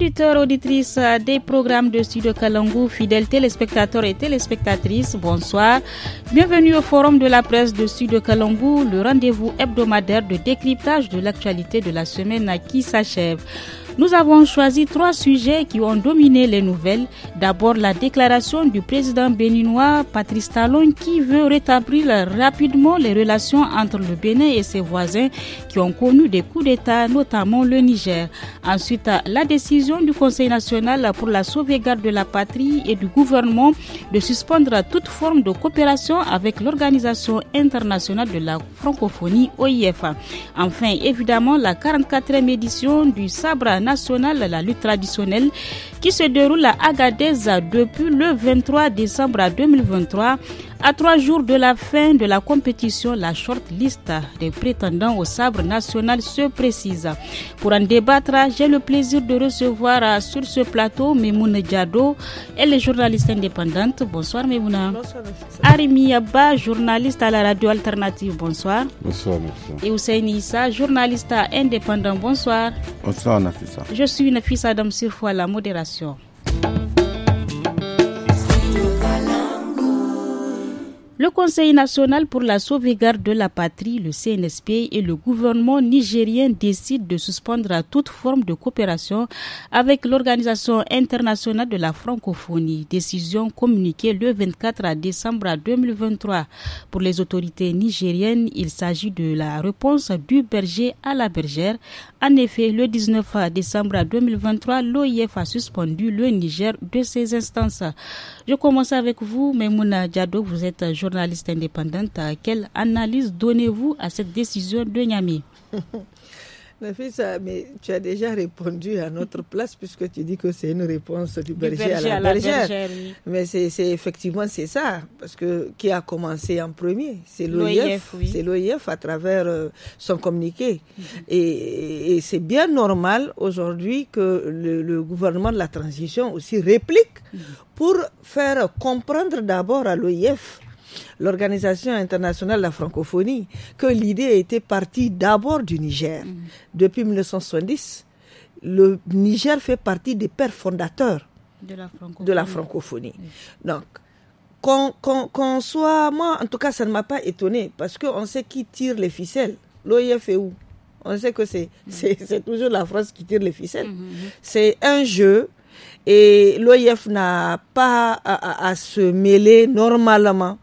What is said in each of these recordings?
auditeurs, auditrices euh, des programmes de Sud Kalangu, fidèles téléspectateurs et téléspectatrices, bonsoir. Bienvenue au Forum de la presse de Sud Kalangu, le rendez-vous hebdomadaire de décryptage de l'actualité de la semaine qui s'achève. Nous avons choisi trois sujets qui ont dominé les nouvelles. D'abord, la déclaration du président béninois Patrice Talon qui veut rétablir rapidement les relations entre le Bénin et ses voisins qui ont connu des coups d'État, notamment le Niger. Ensuite, la décision du Conseil national pour la sauvegarde de la patrie et du gouvernement de suspendre toute forme de coopération avec l'Organisation internationale de la francophonie OIF. Enfin, évidemment, la 44e édition du Sabra nationale, la lutte traditionnelle qui se déroule à Agadez depuis le 23 décembre 2023. À trois jours de la fin de la compétition, la short list des prétendants au sabre national se précise. Pour en débattre, j'ai le plaisir de recevoir euh, sur ce plateau Memouna Diado, elle est journaliste indépendante. Bonsoir Memouna. Bonsoir. Arimi journaliste à la radio alternative. Bonsoir. Bonsoir. Et Hussein Issa, journaliste indépendant. Bonsoir. Bonsoir Nafisa. Je suis Nafisa Adam Sirfou à la modération espacio Le Conseil national pour la sauvegarde de la patrie, le CNSP, et le gouvernement nigérien décident de suspendre toute forme de coopération avec l'Organisation internationale de la francophonie. Décision communiquée le 24 décembre 2023. Pour les autorités nigériennes, il s'agit de la réponse du berger à la bergère. En effet, le 19 décembre 2023, l'OIF a suspendu le Niger de ses instances. Je commence avec vous, Memouna Diado, vous êtes journaliste indépendante, euh, quelle analyse donnez-vous à cette décision de Niamey euh, mais tu as déjà répondu à notre place puisque tu dis que c'est une réponse du berger, à la, Mais c'est effectivement c'est ça parce que qui a commencé en premier, c'est l'OIF, c'est l'OIF à travers euh, son communiqué. Mhm. Et, c'est bien normal aujourd'hui que le, gouvernement de la transition aussi réplique mhm. pour faire comprendre d'abord à l'OIF l'Organisation internationale de la francophonie, que l'idée était partie d'abord du Niger. Mm. Depuis 1970, le Niger fait partie des pères fondateurs de la francophonie. Donc, qu'on soit, moi, en tout cas, ça ne m'a pas étonné parce qu'on sait qui tire les ficelles. L'OIF est où On sait que mm. c'est toujours la France qui tire les ficelles. Mm, c'est un jeu et l'OIF n'a pas à, se mêler normalement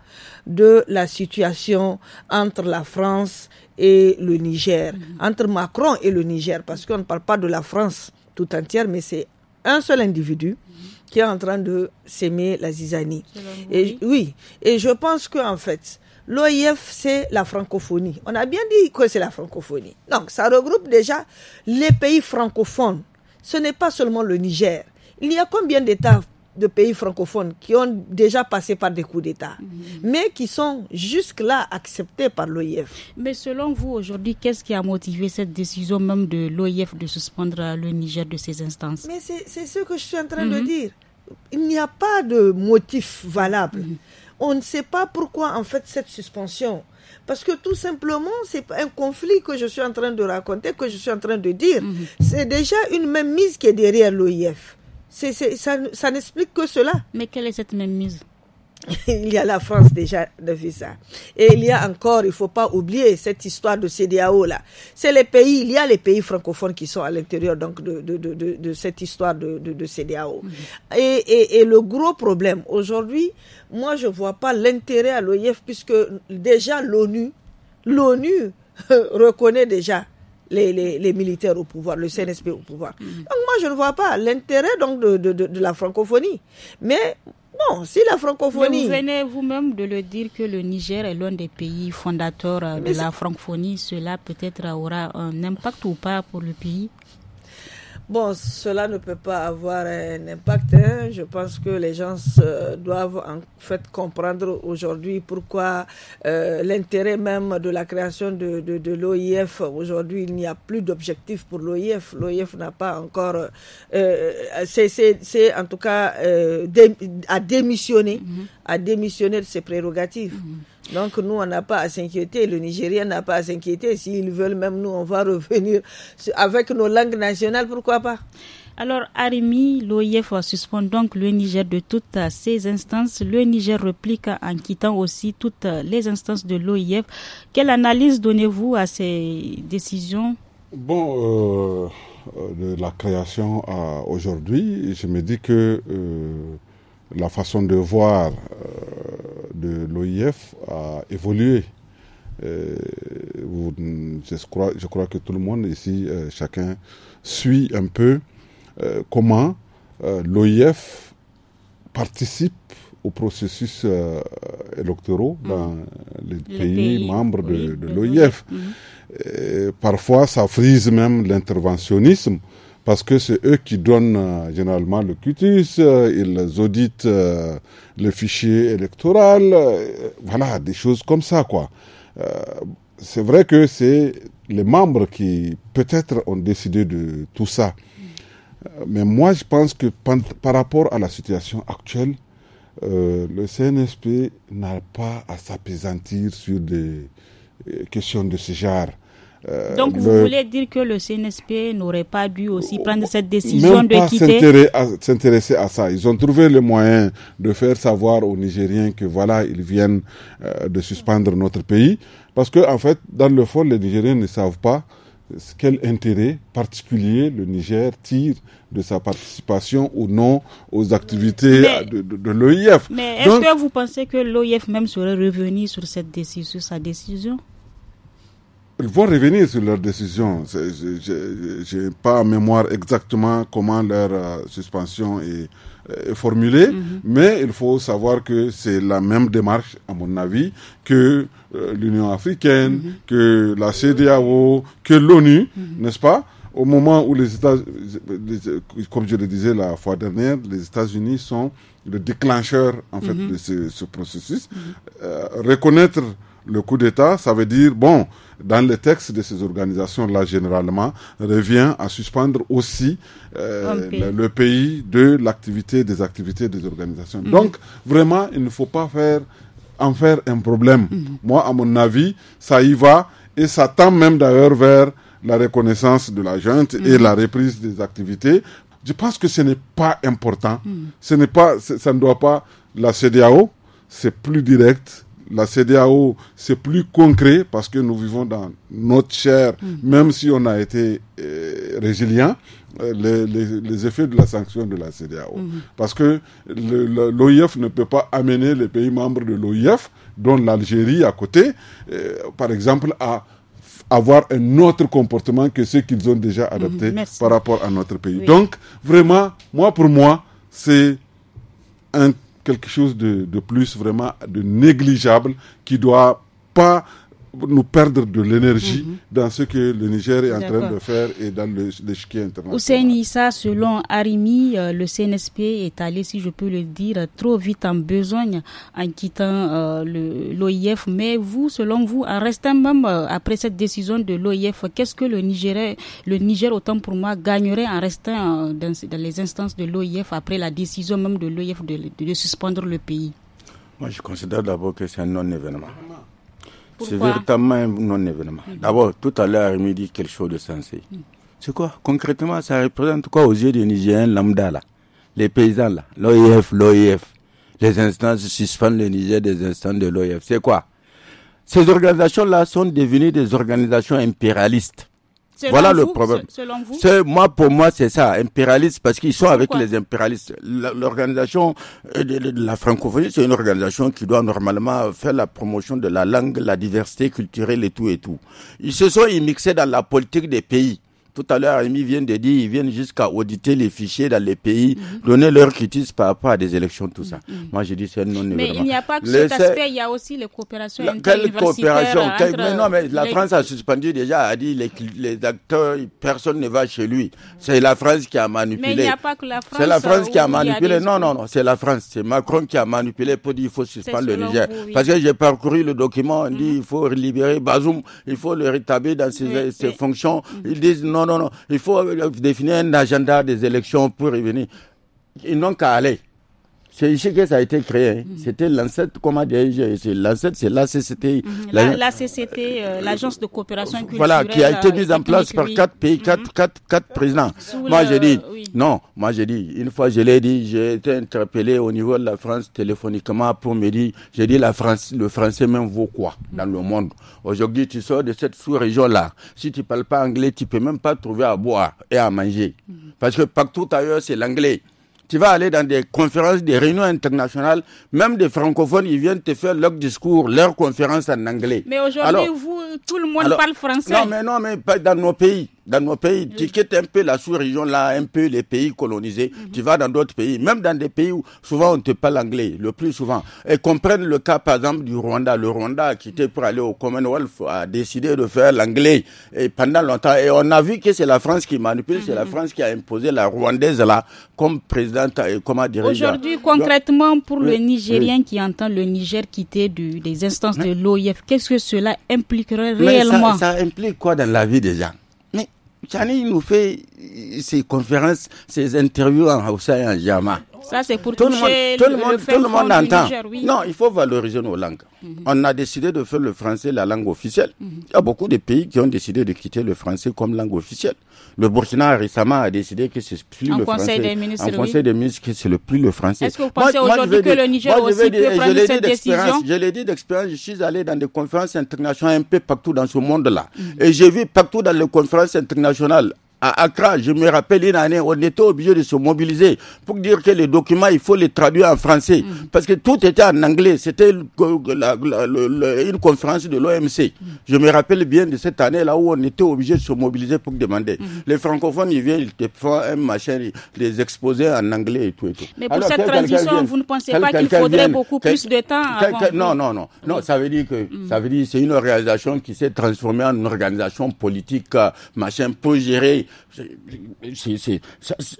de la situation entre la France et le Niger, mhm. entre Macron et le Niger, parce qu'on ne parle pas de la France tout entière, mais c'est un seul individu mhm. qui est en train de s'aimer la zizanie. Et, oui, et je pense que en fait, l'OIF, c'est la francophonie. On a bien dit que c'est la francophonie. Donc, ça regroupe déjà les pays francophones. Ce n'est pas seulement le Niger. Il y a combien d'États de pays francophones qui ont déjà passé par des coups d'État, mhm. mais qui sont jusque-là acceptés par l'OIF. Mais selon vous, aujourd'hui, qu'est-ce qui a motivé cette décision même de l'OIF de suspendre le Niger de ses instances Mais c'est ce que je suis en train de mhm. dire. Il n'y a pas de motif valable. Mhm. On ne sait pas pourquoi, en fait, cette suspension. Parce que tout simplement, c'est un conflit que je suis en train de raconter, que je suis en train de dire. C'est déjà une même mise qui est derrière l'OIF ça, ça n'explique que cela. Mais quelle est cette même mise il y a la France déjà de visa. Et il y a encore, il faut pas oublier cette histoire de CDAO là. C'est les pays, il y a les pays francophones qui sont à l'intérieur donc de, de, cette histoire de, de, CDAO. Mm-hmm. et, et, et, le gros problème aujourd'hui, moi je ne vois pas l'intérêt à l'OIF puisque déjà l'ONU, l'ONU reconnaît déjà les, les, militaires au pouvoir, le CNSP au pouvoir. Donc moi, je ne vois pas l'intérêt donc de, de, de, la francophonie. Mais bon, si la francophonie... Mais vous venez vous-même de le dire que le Niger est l'un des pays fondateurs euh, de la francophonie. Cela peut-être aura un impact ou pas pour le pays Bon, cela ne peut pas avoir un impact. Hein. Je pense que les gens doivent en fait comprendre aujourd'hui pourquoi euh, l'intérêt même de la création de, l'OIF. Aujourd'hui, il n'y a plus d'objectif pour l'OIF. L'OIF n'a pas encore... Euh, c'est en tout cas euh, mm-hmm. à démissionner, de ses prérogatives. Mm-hmm. Donc nous, on n'a pas à s'inquiéter. Le Nigérien n'a pas à s'inquiéter. S'ils veulent même nous, on va revenir avec nos langues nationales, pourquoi pas alors, Arimi, l'OIF suspend donc le Niger de toutes ses instances. Le Niger replique en quittant aussi toutes les instances de l'OIF. Quelle analyse donnez-vous à ces décisions Bon, euh, euh, de la création à aujourd'hui, je me dis que euh, la façon de voir euh, de l'OIF a évolué. Euh, je, crois, que tout le monde ici, euh, chacun suit un peu comment l'OIF participe aux processus électoraux mm. dans les, pays, membres de, l'OIF. Mm. Parfois, ça frise même l'interventionnisme parce que c'est eux qui donnent euh, généralement le cutis, euh, ils auditent euh, le fichier électoral, voilà, des choses comme ça, quoi. c'est vrai que c'est les membres qui, peut-être, ont décidé de tout ça. Mais moi, je pense que par rapport à la situation actuelle, le CNSP n'a pas à s'apaisantir sur des questions de ce genre. Euh, Donc vous voulez dire que le CNSP n'aurait pas dû aussi prendre cette décision de pas quitter s'intéresser à, ça. Ils ont trouvé le moyen de faire savoir aux Nigériens que voilà, ils viennent euh, de suspendre notre pays. Parce que en fait, dans le fond, les Nigériens ne savent pas quel intérêt particulier le Niger tire de sa participation ou non aux activités de, l'OIF. Mais est-ce que vous pensez que l'OIF même serait revenu sur cette décision, sur sa décision ils vont revenir sur leur décision. Je n'ai pas en mémoire exactement comment leur euh, suspension est, euh, formulée, mhm. mais il faut savoir que c'est la même démarche, à mon avis, que euh, l'Union africaine, mhm. que la CDAO, que l'ONU, mhm. n'est-ce pas au moment où les États, comme je le disais la fois dernière, les États-Unis sont le déclencheur en fait de ce, processus, reconnaître le coup d'État, ça veut dire, bon, dans les textes de ces organisations-là, généralement, revient à suspendre aussi euh, le, pays de l'activité, des activités des organisations. Mhm. Donc, vraiment, il ne faut pas faire en faire un problème. Mhm. Moi, à mon avis, ça y va et ça tend même d'ailleurs vers la reconnaissance de la junte et mhm. la reprise des activités. Je pense que ce n'est pas important. Ce n'est pas, ça ne doit pas. La CDAO, c'est plus direct la CDAO, c'est plus concret parce que nous vivons dans notre chair, mm. même si on a été euh, résilient, euh, les, les, effets de la sanction de la CDAO. Mm-hmm. Parce que l'OIF ne peut pas amener les pays membres de l'OIF, dont l'Algérie à côté, euh, par exemple, à avoir un autre comportement que ceux qu'ils ont déjà adopté mm-hmm. par rapport à notre pays. Donc, vraiment, moi, pour moi, c'est un quelque chose de, de plus vraiment de négligeable qui doit pas nous perdre de l'énergie mhm. dans ce que le Niger est en train de faire et dans l'échiquier international. Ouseni, Issa, selon Arimi, euh, le CNSP est allé, si je peux le dire, trop vite en besogne en quittant euh, l'OIF. Mais vous, selon vous, en restant même euh, après cette décision de l'OIF, qu'est-ce que le Niger, le Niger, autant pour moi, gagnerait en restant dans, les instances de l'OIF après la décision même de l'OIF de suspendre le pays Moi, je considère d'abord que c'est un non-événement. C'est véritablement un non-événement. Mm. D'abord, tout à l'heure, il me dit quelque chose de sensé. Mm. C'est quoi Concrètement, ça représente quoi aux yeux du Nigériens lambda, là Les paysans, là L'OIF, e l'OIF. E Les instances suspendent le Niger des instances de l'OIF. E C'est quoi Ces organisations-là sont devenues des organisations impérialistes voilà le problème. Selon moi, pour moi, c'est ça, impérialiste, parce qu'ils sont avec les impérialistes. L'organisation euh, de la francophonie, c'est une organisation qui doit normalement faire la promotion de la langue, la diversité culturelle et tout et tout. Ils se sont immixés dans la politique des pays. Tout à l'heure, Rémi vient de dire, ils viennent jusqu'à auditer les fichiers dans les pays, donner leur critiques par rapport à des élections, tout ça. Mm-hmm. Moi, j'ai dit, c'est non Mais il n'y a pas que cet aspect, il y a aussi les coopérations Quelle coopération mais Non, mais la France a suspendu déjà, a dit, les, acteurs, personne ne va chez lui. C'est la France qui a manipulé. Mais il n'y a pas que la France. C'est la France qui a manipulé. Non, non, non, c'est la France. C'est Macron qui a manipulé pour dire, il faut suspendre le Niger. Parce que j'ai parcouru le document, on dit, mm-hmm. il faut libérer Bazoum, il faut le rétablir dans ses, ses fonctions. Mm-hmm. Ils disent, non, non, non, il faut euh, définir un agenda des élections pour y venir. Ils n'ont qu'à aller. C'est ici que ça a été créé. Hein. Mhm. C'était l'ancêtre, comment dire, l'ancêtre, c'est l'ACCT. CCT. L'ACCT, la, mhm. euh, l'Agence de coopération culturelle. Voilà, qui a été euh, mise en place par quatre pays, quatre, mhm. quatre, quatre présidents. moi, j'ai dit, non, moi, j'ai dit, une fois, je l'ai dit, j'ai été interpellé au niveau de la France téléphoniquement pour me dire, j'ai dit, la France, le français même vaut quoi dans le monde? Aujourd'hui, tu sors de cette sous-région-là. Si tu parles pas anglais, tu peux même pas trouver à boire et à manger. Parce que partout ailleurs, c'est l'anglais. Tu vas aller dans des conférences, des réunions internationales, même des francophones, ils viennent te faire leur discours, leur conférence en anglais. Mais aujourd'hui, vous, tout le monde parle français. Non, mais non, mais pas dans nos pays. Dans nos pays, tu quittes un peu la sous-région, là, un peu les pays colonisés, mhm. tu vas dans d'autres pays, même dans des pays où souvent on te parle anglais, le plus souvent. Et comprenne le cas, par exemple, du Rwanda. Le Rwanda a quitté pour aller au Commonwealth, a décidé de faire l'anglais et pendant longtemps. Et on a vu que c'est la France qui manipule, c'est la mhm. France qui a imposé la Rwandaise, là, comme présidente, et euh, comment dirigeante. Aujourd'hui, concrètement, pour le Nigérien qui entend le Niger quitter du, des instances de l'OIF, qu'est-ce que cela impliquerait réellement ça implique quoi dans la vie des gens Chani, nous fait ses euh, conférences, ses interviews en Hausa et en Jama. Ça, c'est pour tout le monde, tout le, monde, entend. Non, il faut valoriser nos langues. Mhm. On a décidé de faire le français la langue officielle. Mhm. Il y a beaucoup de pays qui ont décidé de quitter le français comme langue officielle. Le Burkina récemment a décidé que c'est plus en le conseil français. Des ministres, en conseil des ministres, que c'est le plus le français. Est-ce que vous pensez aujourd'hui que le Niger aussi peut prendre cette décision Je l'ai dit d'expérience. Je suis allé dans des conférences internationales un peu partout dans ce monde-là, mhm. et j'ai vu partout dans les conférences internationales à Accra, je me rappelle une année, on était obligé de se mobiliser pour dire que les documents, il faut les traduire en français. Mm. Parce que tout était en anglais. C'était une conférence de l'OMC. Mm. Je me rappelle bien de cette année-là où on était obligé de se mobiliser pour demander. Mm. Les francophones, ils viennent, ils te font un machin, les exposer en anglais et tout. Et tout. Mais pour cette transition, vous ne pensez pas qu'il faudrait beaucoup plus de temps Non, non, non. non ça veut dire que ça veut dire c'est une organisation qui s'est transformée en une organisation politique, euh, machin, pour gérer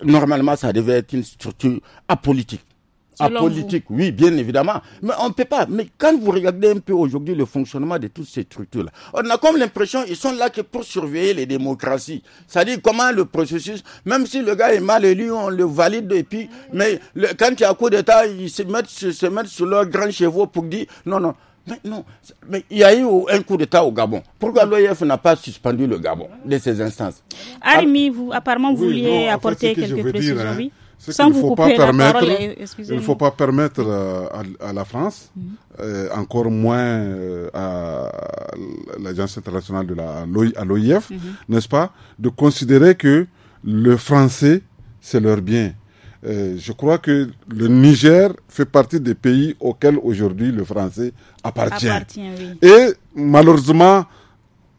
normalement, ça devait être une structure apolitique. apolitique, oui, bien évidemment. Mais on ne peut pas. Mais quand vous regardez un peu aujourd'hui le fonctionnement de toutes ces structures-là, on a comme l'impression qu'ils sont là que pour surveiller les démocraties. C'est-à-dire comment le processus, même si le gars est mal élu, on le valide et puis, mais quand il y a coup d'État, ils se mettent, se mettent sur leurs grand chevaux pour dire non, non, mais non, mais il y a eu un coup d'État au Gabon. Pourquoi l'OIF n'a pas suspendu le Gabon de ses instances ah, Armi, vous, apparemment, vous vouliez apporter quelques précisions. Hein, oui. Euh, il ne faut pas permettre euh, à, la France, euh, encore moins à l'Agence internationale de la, à l'OIF, mhm. n'est-ce pas, de considérer que le français, c'est leur bien. Euh, je crois que le Niger fait partie des pays auxquels aujourd'hui le français appartient. Et malheureusement,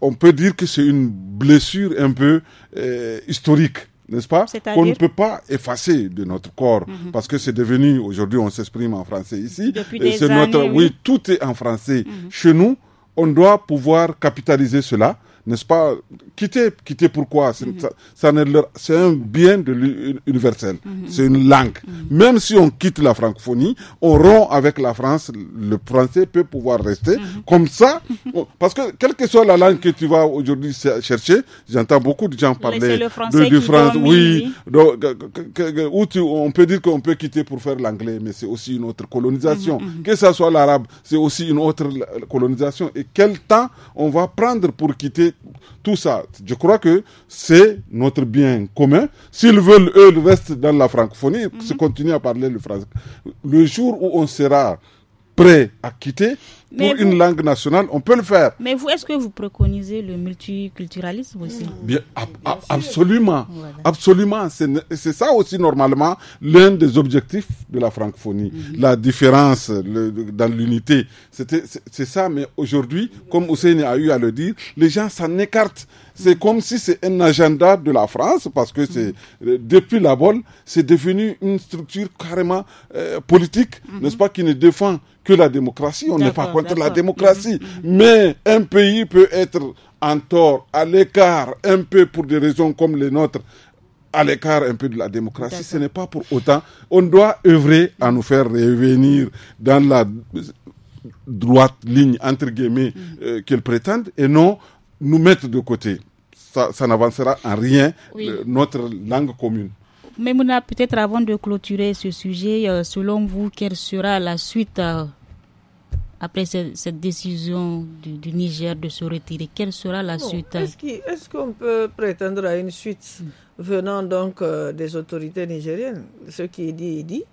on peut dire que c'est une blessure un peu euh, historique n'est-ce pas Qu'on ne peut pas effacer de notre corps mhm. parce que c'est devenu aujourd'hui on s'exprime en français ici. et notre oui. tout est en français mhm. chez nous. On doit pouvoir capitaliser cela n'est-ce pas Quitter, quitter pourquoi C'est un bien de universel, mhm. c'est une langue. Mhm. Même si on quitte la francophonie, on rompt avec la France, le français peut pouvoir rester. Mhm. Comme ça, oh, parce que quelle que soit la langue que tu vas aujourd'hui chercher, j'entends beaucoup de gens parler du français. Oui, on peut dire qu'on peut quitter pour faire l'anglais, mais c'est aussi une autre colonisation. Que ça soit l'arabe, c'est aussi une autre colonisation. Et quel temps on va prendre pour quitter tout ça, je crois que c'est notre bien commun. S'ils veulent, eux, le reste dans la francophonie, mhm. se continuer à parler le français. Le jour où on sera prêt à quitter, pour une langue nationale, on peut le faire. Mais vous, est-ce que vous préconisez le multiculturalisme aussi Bien, absolument, absolument. C'est ça aussi normalement l'un des objectifs de la francophonie, mhm. la différence dans l'unité. C'est ça, mais aujourd'hui, comme Hussein a eu à le dire, les gens s'en écartent. C'est mhm. comme si c'est un agenda de la France, parce que c'est mhm. euh, depuis la bol, c'est devenu une structure carrément euh, politique, n'est-ce pas, qui ne défend que la démocratie. On n'est pas contre la démocratie. Mhm. Mhm. Mais un pays peut être en tort, à l'écart, un peu pour des raisons comme les nôtres à l'écart un peu de la démocratie. Ce n'est pas pour autant. On doit œuvrer à nous faire revenir dans la droite ligne, entre guillemets, mhm. euh, qu'elle qu'ils prétendent, et non nous mettre de côté. Ça, n'avancera en rien euh, notre langue commune. Mais Mouna, peut-être avant de clôturer ce sujet, euh, selon vous, quelle sera la suite après cette, décision du, Niger de se retirer, quelle sera la suite hein? Est-ce qu'on peut prétendre à une suite hmm. venant donc euh, des autorités nigériennes Ce qui est dit est dit.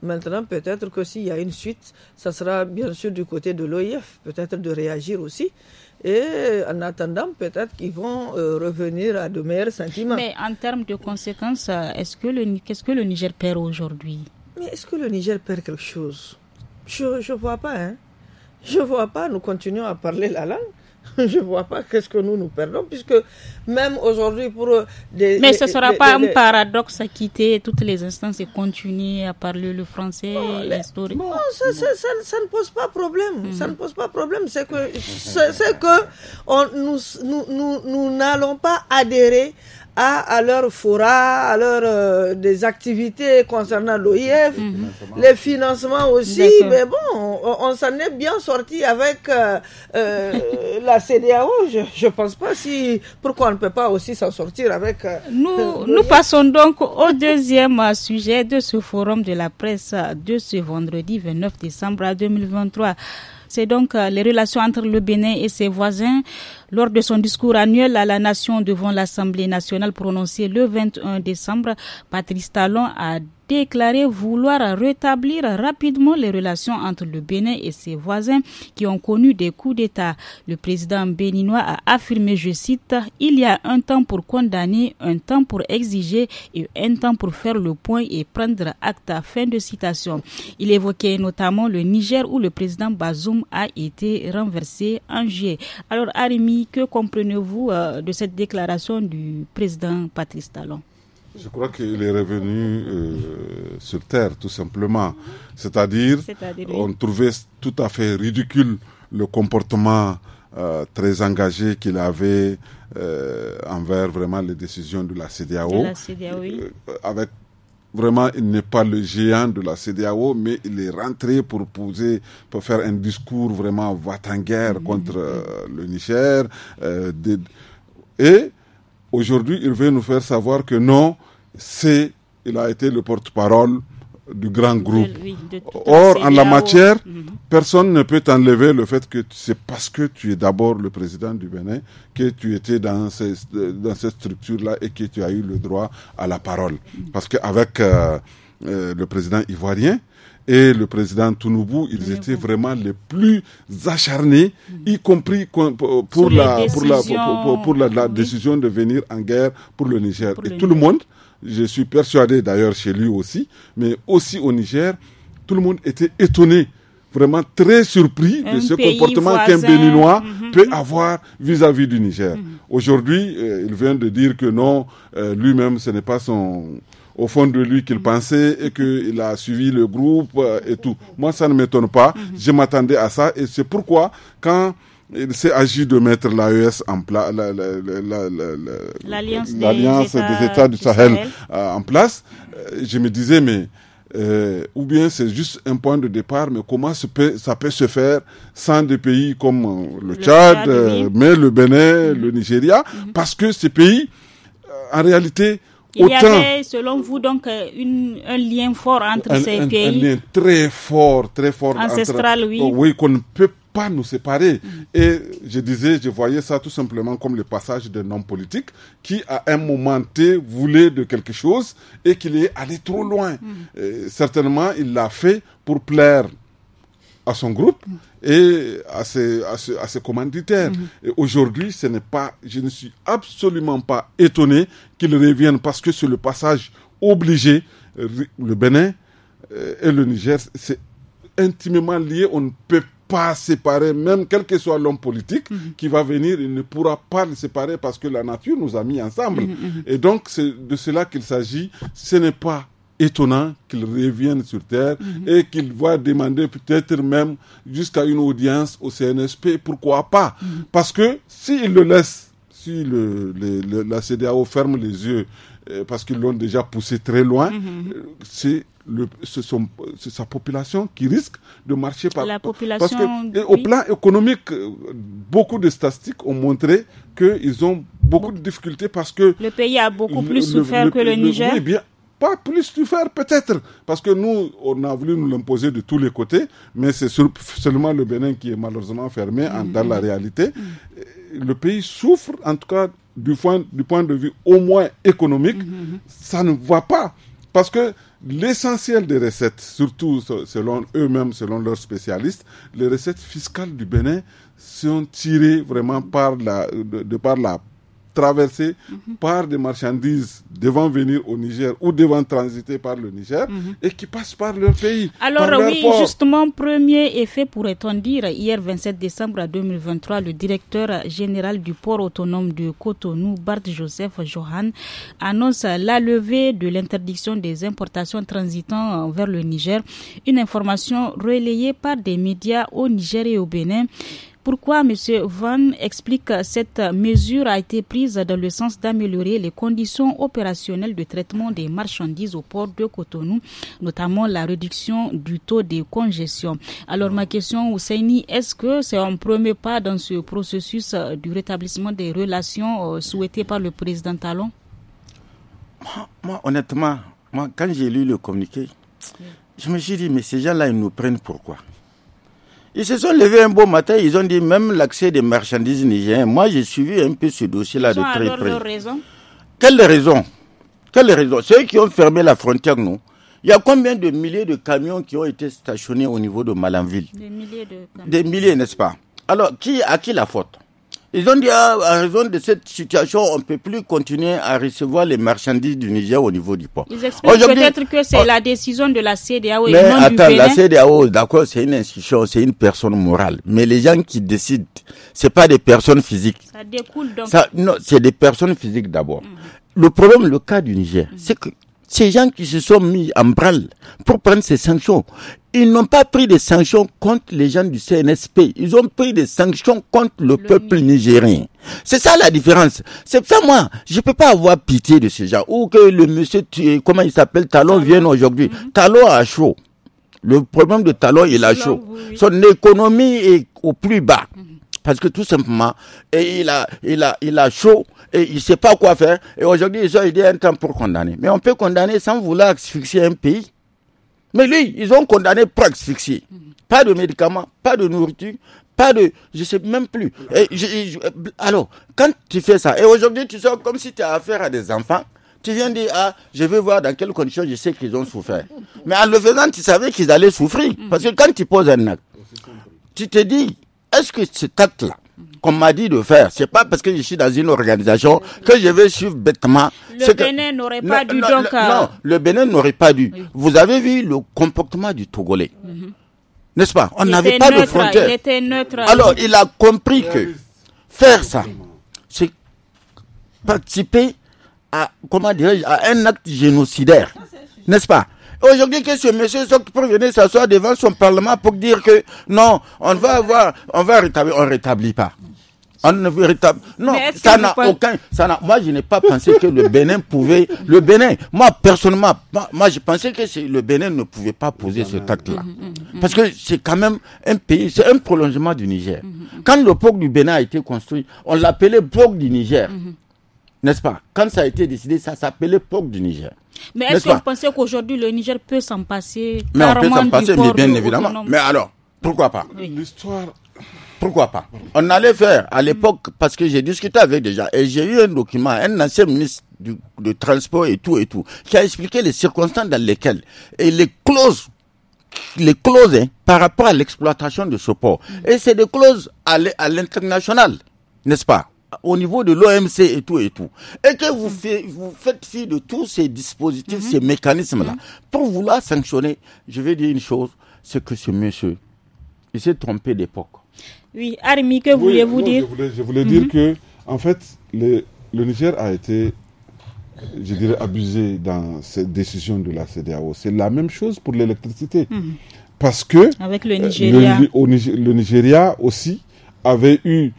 Maintenant, peut-être que s'il y a une suite, ça sera bien sûr du côté de l'OIF, peut-être de réagir aussi. Et en attendant, peut-être qu'ils vont euh, revenir à de meilleurs sentiments. Mais en termes de conséquences, est-ce que le, qu'est-ce que le Niger perd aujourd'hui Mais est-ce que le Niger perd quelque chose Je ne vois pas. Hein. Je ne vois pas, nous continuons à parler la langue. Je ne vois pas qu'est-ce que nous nous perdons, puisque même aujourd'hui, pour euh, des, Mais ce ne sera pas un paradoxe à quitter toutes les instances et continuer à parler le français bon, et ça, Ça, ça, ne pose pas problème. Ça ne mhm. pose pas problème. C'est que, c'est que on, nous n'allons nous, nous, pas adhérer à, à leur fora, à leur euh, des activités concernant l'OIF, mhm. les financements aussi. Mais bon, on, s'en est bien sorti avec euh, euh, la CDAO. Je, ne pense pas si pourquoi on ne peut pas aussi s'en sortir avec. nous, nous passons donc au deuxième sujet de ce forum de la presse de ce vendredi 29 décembre 2023. C'est donc euh, les relations entre le Bénin et ses voisins. Lors de son discours annuel à la nation devant l'Assemblée nationale prononcé le 21 décembre, Patrice Talon a déclaré vouloir rétablir rapidement les relations entre le Bénin et ses voisins qui ont connu des coups d'État. Le président béninois a affirmé, je cite, Il y a un temps pour condamner, un temps pour exiger et un temps pour faire le point et prendre acte. Fin de citation. Il évoquait notamment le Niger où le président Bazoum a été renversé en juillet. Alors, Arimi, que comprenez-vous euh, de cette déclaration du président Patrice Talon je crois qu'il est revenu euh, sur Terre, tout simplement. C'est-à-dire, on trouvait tout à fait ridicule le comportement euh, très engagé qu'il avait euh, envers vraiment les décisions de la CDAO. avec vraiment, il n'est pas le géant de la CDAO, mais il est rentré pour poser, pour faire un discours vraiment va en guerre mm-hmm. contre le Niger. Et aujourd'hui, il veut nous faire savoir que non, c'est, il a été le porte-parole du grand groupe. Or, en la matière, mhm. personne ne peut enlever le fait que c'est parce que tu es d'abord le président du Bénin que tu étais dans, dans cette structure-là et que tu as eu le droit à la parole. Mhm. Parce qu'avec avec euh, euh, le président ivoirien, et le président Tounoubou, ils étaient vraiment les plus acharnés, mhm. y compris pour, la, pour, la, pour, la décision de venir en guerre pour le Niger. et tout le monde, je suis persuadé d'ailleurs chez lui aussi, mais aussi au Niger, tout le monde était étonné, vraiment très surpris de ce comportement qu'un Béninois mm-hmm. peut avoir vis-à-vis du Niger. Mm-hmm. Aujourd'hui, euh, il vient de dire que non, euh, lui-même, ce n'est pas son au fond de lui qu'il mm-hmm. pensait et qu'il a suivi le groupe euh, et tout. Moi, ça ne m'étonne pas. Je m'attendais à ça et c'est pourquoi quand il s'est agi de mettre l'AES en place, l'Alliance des, États du Sahel, euh, en place. Euh, je me disais, mais euh, ou bien c'est juste un point de départ, mais comment ça peut, ça peut se faire sans des pays comme le, Tchad, mais le Bénin, le mm-hmm. Nigeria, mm-hmm. parce que ces pays, en réalité, il Autant, y avait, selon vous, donc, un lien fort entre ces pays. Un lien très fort, très fort. Ancestral, oui. Oh, oui, qu'on ne peut pas nous séparer. Et je disais, je voyais ça tout simplement comme le passage d'un homme politique qui, à un moment T, voulait de quelque chose et qu'il est allé trop loin. Mm. certainement, il l'a fait pour plaire à son groupe et à ses, à ses, commanditaires. Mm-hmm. Et Aujourd'hui, ce n'est pas, je ne suis absolument pas étonné qu'il revienne parce que sur le passage obligé, le Bénin euh, et le Niger, c'est intimement lié. On ne peut pas séparer, même quel que soit l'homme politique mhm. qui va venir, il ne pourra pas le séparer parce que la nature nous a mis ensemble. Mhm, mhm, et donc, c'est de cela qu'il s'agit. Ce n'est pas étonnant qu'il revienne sur Terre et qu'il va demander peut-être même jusqu'à une audience au CNSP. Pourquoi pas Parce que s'il le laisse, si le, la CDAO ferme les yeux, euh, parce qu'ils l'ont déjà poussé très loin, euh, c'est c'est ce sont, sa population qui risque de marcher par la population. Parce que, au plan économique, euh, beaucoup de statistiques ont montré qu'ils ont beaucoup de difficultés parce que. Le pays a beaucoup plus souffert que le, Niger. Oui, bien, pas plus souffert peut-être, parce que nous, on a voulu nous l'imposer de tous les côtés, mais c'est seulement le Bénin qui est malheureusement fermé mm-hmm. dans la réalité. Mm-hmm. Euh, le pays souffre, en tout cas, du point, du point de vue au moins économique. Mm-hmm. Ça ne va pas. Parce que l'essentiel des recettes, surtout selon eux-mêmes, selon leurs spécialistes, les recettes fiscales du Bénin sont tirées vraiment par de par la traversés mhm. par des marchandises devant venir au Niger ou devant transiter par le Niger mhm. et qui passent par leur pays. Alors oui, justement, premier effet pourrait-on dire, hier 27 décembre 2023, le directeur général du port autonome de Cotonou, Bart Joseph Johan, annonce la levée de l'interdiction des importations transitant vers le Niger, une information relayée par des médias au Niger et au Bénin. Pourquoi M. Van explique que cette mesure a été prise dans le sens d'améliorer les conditions opérationnelles de traitement des marchandises au port de Cotonou, notamment la réduction du taux de congestion. Alors ma question, Ousseini, est-ce que c'est un premier pas dans ce processus euh, du rétablissement des relations euh, souhaitées par le président Talon moi, honnêtement, moi, quand j'ai lu le communiqué, je me suis dit, mais ces gens-là, ils nous prennent pourquoi ils se sont levés un beau matin, ils ont dit même l'accès des marchandises nigériennes. Moi, j'ai suivi un peu ce dossier-là de très près. Raison. Quelles raisons Quelles raisons Ceux qui ont fermé la frontière, nous, il y a combien de milliers de camions qui ont été stationnés au niveau de Malanville Des milliers de camions. Des milliers, n'est-ce pas Alors, qui, à qui la faute ils ont dit, ah, à raison de cette situation, on peut plus continuer à recevoir les marchandises du Niger au niveau du port. Ils expliquent peut-être que c'est oh, la décision de la CDAO et mais non attends, du la CDAO, d'accord, c'est une institution, c'est une personne morale. Mais les gens qui décident, c'est pas des personnes physiques. Ça découle donc. Ça, non, c'est des personnes physiques d'abord. Mm. Le problème, le cas du Niger, mm. c'est que ces gens qui se sont mis en branle pour prendre ces sanctions, ils n'ont pas pris des sanctions contre les gens du CNSP. Ils ont pris des sanctions contre le, peuple nigérien. C'est ça la différence. C'est ça moi, je peux pas avoir pitié de ces gens. Ou que le monsieur, comment il s'appelle, Talon vienne aujourd'hui. Mhm. Talon a chaud. Le problème de Talon, il a chaud. Son économie est au plus bas. Mhm. parce que tout simplement, et il a, il a, il a chaud et il sait pas quoi faire. Et aujourd'hui, ils ont eu un temps pour condamner. Mais on peut condamner sans vouloir asphyxier un pays. Mais lui, ils ont condamné pour asphyxie. Pas de médicaments, pas de nourriture, pas de. Je ne sais même plus. alors, quand tu fais ça, et aujourd'hui, tu sors comme si tu as affaire à des enfants. Tu viens dire, ah, je veux voir dans quelles conditions je sais qu'ils ont souffert. Mais en le faisant, tu savais qu'ils allaient souffrir. Parce que quand tu poses un acte, tu te dis, est-ce que cet acte-là, qu'on m'a dit de faire. C'est pas parce que je suis dans une organisation que je vais suivre bêtement. Le Bénin n'aurait pas dû non, donc. Le, non, euh, Bénin n'aurait pas dû. Vous avez vu le comportement du Togolais, mhm. n'est-ce pas On n'avait pas de frontière. Alors il a compris que faire ça, c'est participer à comment à un acte génocidaire, n'est-ce pas Aujourd'hui, que ce monsieur pour venir s'asseoir devant son parlement pour dire que non, on va avoir, on va rétablir, on rétablit pas. On ne rétablit. Non, ça n'a aucun. Ça moi, je n'ai pas pensé que le Bénin pouvait. Le Bénin, moi, personnellement, moi, je pensais que le Bénin ne pouvait pas poser ce acte-là. Mm-hmm, mm-hmm, mm-hmm. Parce que c'est quand même un pays, c'est un prolongement du Niger. Quand le port du Bénin a été construit, on l'appelait port du Niger. N'est-ce pas Quand ça a été décidé, ça s'appelait port du Niger. Mais est-ce que vous pensez qu'aujourd'hui le Niger peut s'en passer Mais on peut passer, mais bien évidemment. Mais alors, pourquoi pas L'histoire. Pourquoi pas On allait faire à l'époque, parce que j'ai discuté avec déjà, et j'ai eu un document, un ancien ministre du, transport et tout et tout, qui a expliqué les circonstances dans lesquelles et les clauses, les clauses hein, par rapport à l'exploitation de ce port. Et c'est des clauses à l'international, n'est-ce pas au niveau de l'OMC et tout et tout. Et que vous, vous faites fi de tous ces dispositifs, mhm. ces mécanismes-là. Mhm. Pour vouloir sanctionner, je vais dire une chose, c'est que ce monsieur, il s'est trompé d'époque. Oui, Armi, que voulez-vous dire Je voulais, dire mhm. que, en fait, le, le, Niger a été, je dirais, abusé dans cette décision de la CDAO. C'est la même chose pour l'électricité. Parce que... Avec le euh, Nigeria. le Nigeria aussi avait eu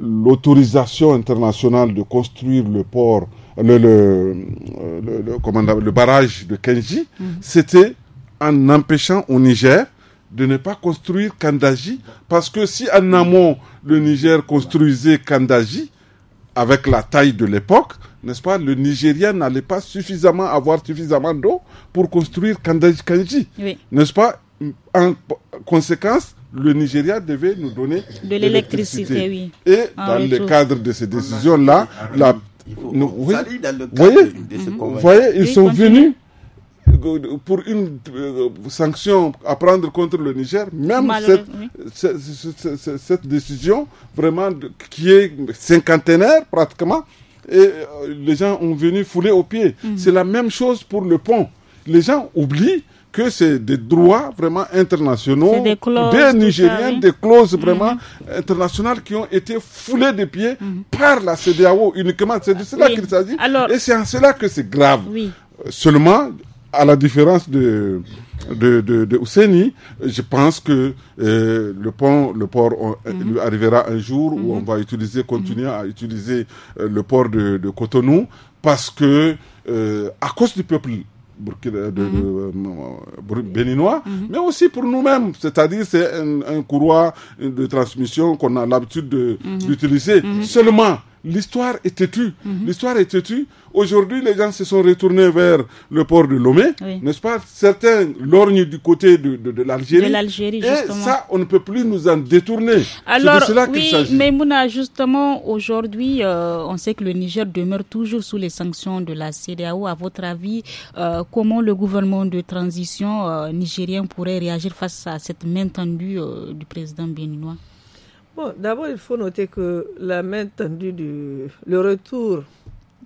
l'autorisation internationale de construire le port, le, le, le, barrage de Kenji, mhm. c'était en empêchant au Niger de ne pas construire Kandaji, parce que si en amont le Niger construisait Kandaji, avec la taille de l'époque, n'est-ce pas, le Nigérien n'allait pas suffisamment avoir suffisamment d'eau pour construire Kandaji n'est-ce pas En conséquence, le Nigeria devait nous donner de l'électricité. Et ah, dans le cadre de ces décisions-là, voyez, vous voyez, ils sont venus euh, pour une euh, sanction à prendre contre le Niger, même cette, décision vraiment qui est cinquantenaire pratiquement, et euh, les gens ont venu fouler aux pieds. Mm-hmm. C'est la même chose pour le pont. Les gens oublient que c'est des droits vraiment internationaux, des, des, Nigériens, des clauses vraiment mhm. internationales qui ont été foulées des pieds... Mhm. Mhm. par la CDAO uniquement. C'est de cela qu'il s'agit. Et c'est en cela que c'est grave. Euh, seulement, à la différence de de, Ouseni, je pense que euh, le pont, le port euh, lui arrivera un jour où on va utiliser, continuer à utiliser le port de, Cotonou parce que à cause du peuple Mhm. Euh, béninois, mhm. mais aussi pour nous-mêmes. C'est-à-dire, c'est un, un, courroie de transmission qu'on a l'habitude mhm. d'utiliser seulement l'histoire est têtue. Mhm. L'histoire est têtue. Aujourd'hui, les gens se sont retournés vers le port de Lomé, n'est-ce pas Certains lorgnent du côté de, de, de l'Algérie. Et ça, on ne peut plus nous en détourner. Alors, de cela oui, mais Mouna, justement, aujourd'hui, euh, on sait que le Niger demeure toujours sous les sanctions de la CDAO. À votre avis, euh, comment le gouvernement de transition euh, nigérien pourrait réagir face à cette main tendue du président béninois Bon, d'abord, il faut noter que la main tendue du le retour.